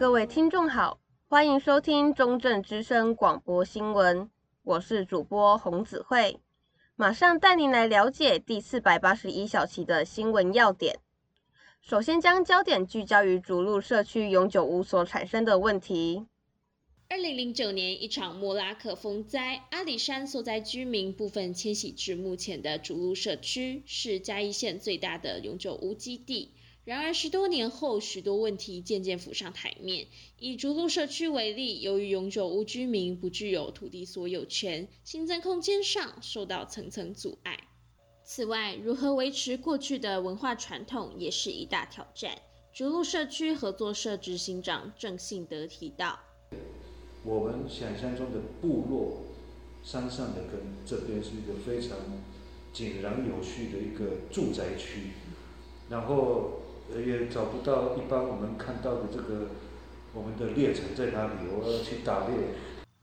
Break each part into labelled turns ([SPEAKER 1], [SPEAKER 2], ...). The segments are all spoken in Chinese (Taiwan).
[SPEAKER 1] 各位聽眾好，歡迎收聽中正之聲廣播新聞，我是主播洪子蕙，馬上帶您來了解第四百八十一小期的新聞要點。首先將焦點聚焦於逐鹿社區永久屋所產生的問題。
[SPEAKER 2] 二零零九年一場莫拉克風災，阿里山受災居民部分遷徙至目前的逐鹿社區，是嘉義縣最大的永久屋基地。然而，十多年後，許多問題漸漸浮上台面。以逐鹿社區為例，由於永久屋居民不具有土地所有權，新增空間上受到層層阻礙。此外，如何維持過去的文化傳統也是一大挑戰。逐鹿社區合作社執行長鄭信德提到：“我們想象中的部落山上的根，這邊是一個非常井然有序的一個住宅區，然後。”也找不到一般我們看到的這個我們的獵場在哪裡？我要去打獵。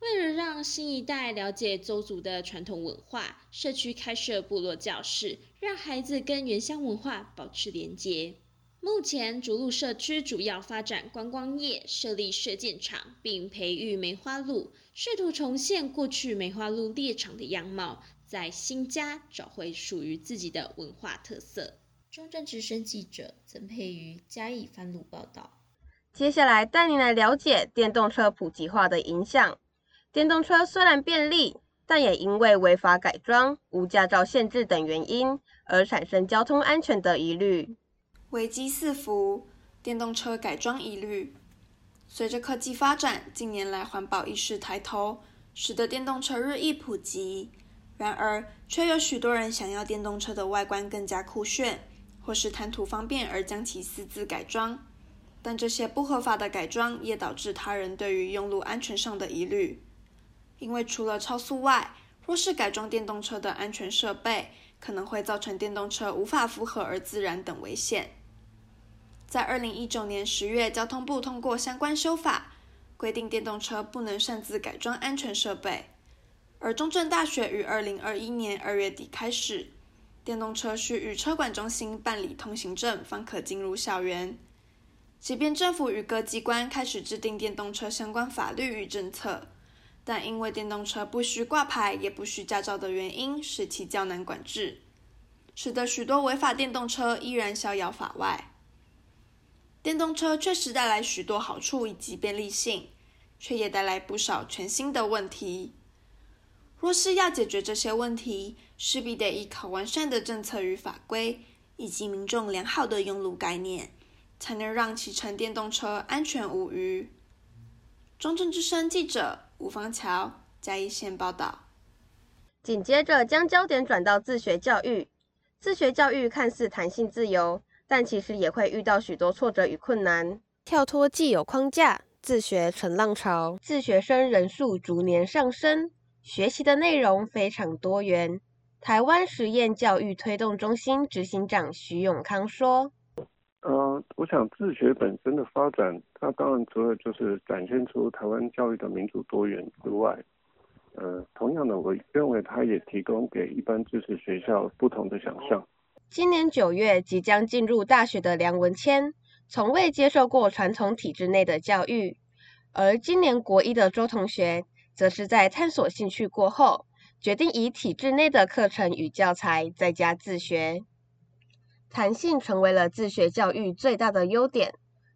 [SPEAKER 2] 為了讓新一代了解鄒族的傳統文化，社區開設部落教室，讓孩子跟原鄉文化保持連結。目前逐鹿社區主要發展觀光業，設立射箭場，並培育梅花鹿，試圖重現過去梅花鹿獵場的樣貌，在新家找回屬於自己的文化特色。中正之聲記者曾霈榆嘉
[SPEAKER 1] 義番路報道。接下來，帶您來了解電動車普及化的影響。電動車雖然便利，但也因為違法改裝、無駕照限制等原因，而產生交通安全的疑慮。
[SPEAKER 3] 危機四伏，電動車改裝疑慮。隨着科技發展，近年來環保意識抬頭，使得電動車日益普及。然而，卻有許多人想要電動車的外觀更加酷炫。或是貪圖方便而將其私自改裝，但這些不合法的改裝也導致他人對於用路安全上的疑慮。因為除了超速外，若是改裝電動車的安全設備，可能會造成電動車無法負荷而自燃等危險。在二零一九年十月，交通部通過相關修法，規定電動車不能擅自改裝安全設備。而中正大學於二零二一年二月底開始。電動車需與車管中心辦理通行證，方可進入校園。即便政府與各機關開始制定電動車相關法律與政策，但因為電動車不需掛牌，也不需駕照的原因，使其較難管制，使得許多違法電動車依然逍遙法外。電動車確實帶來許多好處以及便利性，卻也帶來不少全新的問題。若是要解決這些問題，勢必得依靠完善的政策與法規，以及民眾良好的用路概念，才能讓騎乘電動車安全無虞。
[SPEAKER 1] 中正之聲記者吳枋僑加一線報道緊接着，將焦點轉到自學教育。自學教育看似彈性自由，但其實也會遇到許多挫折與困難。跳脫既有框架，自學成浪潮，自學生人數逐年上升。學習的內容非常多元。台灣實驗教育推動中心執行長徐永康
[SPEAKER 2] 說：“嗯、呃，我想自學本身的發展，它當然除了就是展現出台灣教育的民主多元之外，呃同樣的，我認為它也提供給一般知識學校不同的想象。”
[SPEAKER 1] 今年九月即將進入大學的梁文謙，從未接受過傳統體制內的教育，而今年國一的周同學。則是在探索興趣過後，決定以體制內的課程與教材在家自學。彈性成為了自學教育最大的優點。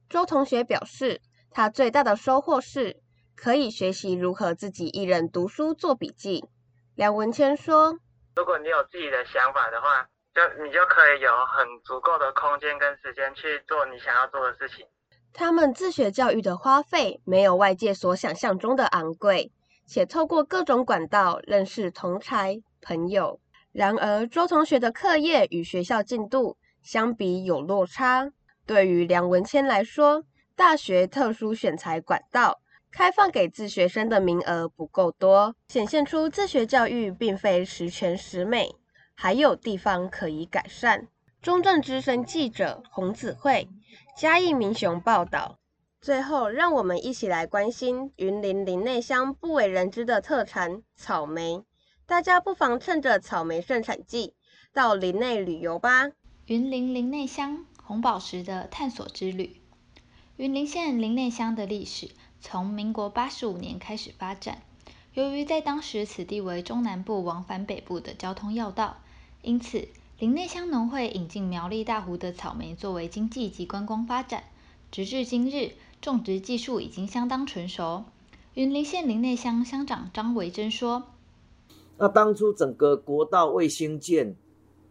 [SPEAKER 1] 周同學表示，他最大的收穫是可以學習如何自己一人讀書做筆記。梁文謙說：“
[SPEAKER 3] 如果你有自己的想法的話，就你就可以有很足夠的
[SPEAKER 4] 空間跟時間去做你想要做的事情。”
[SPEAKER 1] 他們自學教育的花費沒有外界所想象中的昂貴。且透過各種管道認識同儕朋友。然而，周同學的課業與學校進度相比有落差。對於梁文謙來說，大學特殊選才管道開放給自學生的名額不夠多，顯現出自學教育並非十全十美，還有地方可以改善。中正資深記者洪子蕙，嘉義民雄報道。最後，讓我們一起來關心雲林林內鄉不為人知的特產草莓。大家不妨趁着草莓盛產季到林內旅遊吧。雲林林內
[SPEAKER 4] 鄉紅寶石的探索之旅。雲林縣林內鄉的歷史從民國八十五年開始發展。由於在當時此地為中南部往返北部的交通要道，因此林內鄉農會引進苗栗大湖的草莓作為經濟及觀光發展。直至今日，種植技術已經相當成熟。雲林縣林內鄉鄉長張維珍說：“
[SPEAKER 2] 那當初整個國道未興建，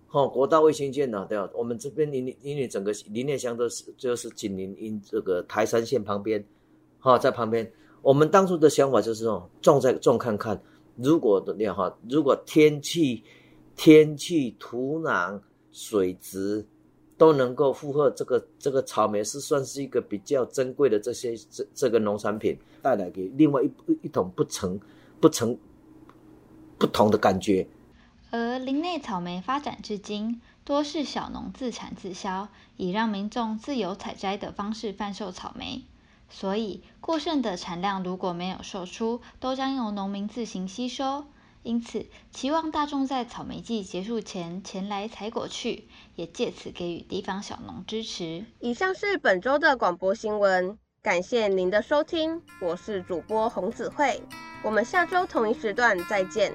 [SPEAKER 2] 哈、哦，國道未興建呢、啊？對啊，我們這邊林林因為整個林內鄉都是就是緊鄰因這個台三線旁邊，哈、哦，在旁邊。我們當初的想法就是哦，種在種看看，如果怎麼樣哈？如果天氣、天氣、土壤、水質。”都能夠符合這個這個，草莓是算是一個比較珍貴的這些這這個農產品，帶來給另外一一種不成不成不同的感
[SPEAKER 4] 覺。而林內草莓發展至今，多是小農自產自銷，以讓民眾自由採摘的方式販售草莓，所以過剩的產量如果沒有售出，都將由農民自行吸收。因此，期望大眾在草莓季結束前前，前來採果去，也借此給予地方小農支持。
[SPEAKER 1] 以上是本周的廣播新聞，感謝您的收聽，我是主播洪子蕙，我們下周同一時段再見。